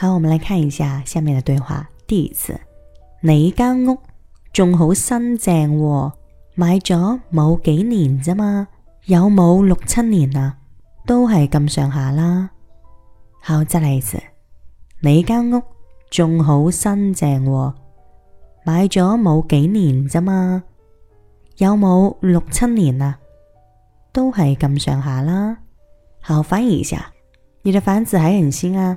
好，我們來看一下下面的對話。第一次，你間屋仲好新淨喎，買咗冇幾年啫嘛？有冇六七年啊？都係咁上下啦。好，第二次，你間屋仲好新淨喎，買咗冇幾年啫嘛？有冇六七年啊？都係咁上下啦。好，翻譯一下，你的房子還很新啊？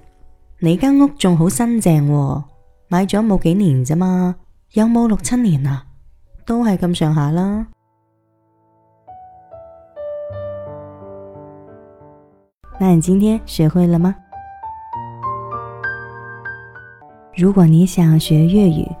你間屋仲好新淨喎，買咗冇幾年啫嘛。有冇六七年啊？都係咁上下啦。那你今天學會了嗎？如果你想學粵語。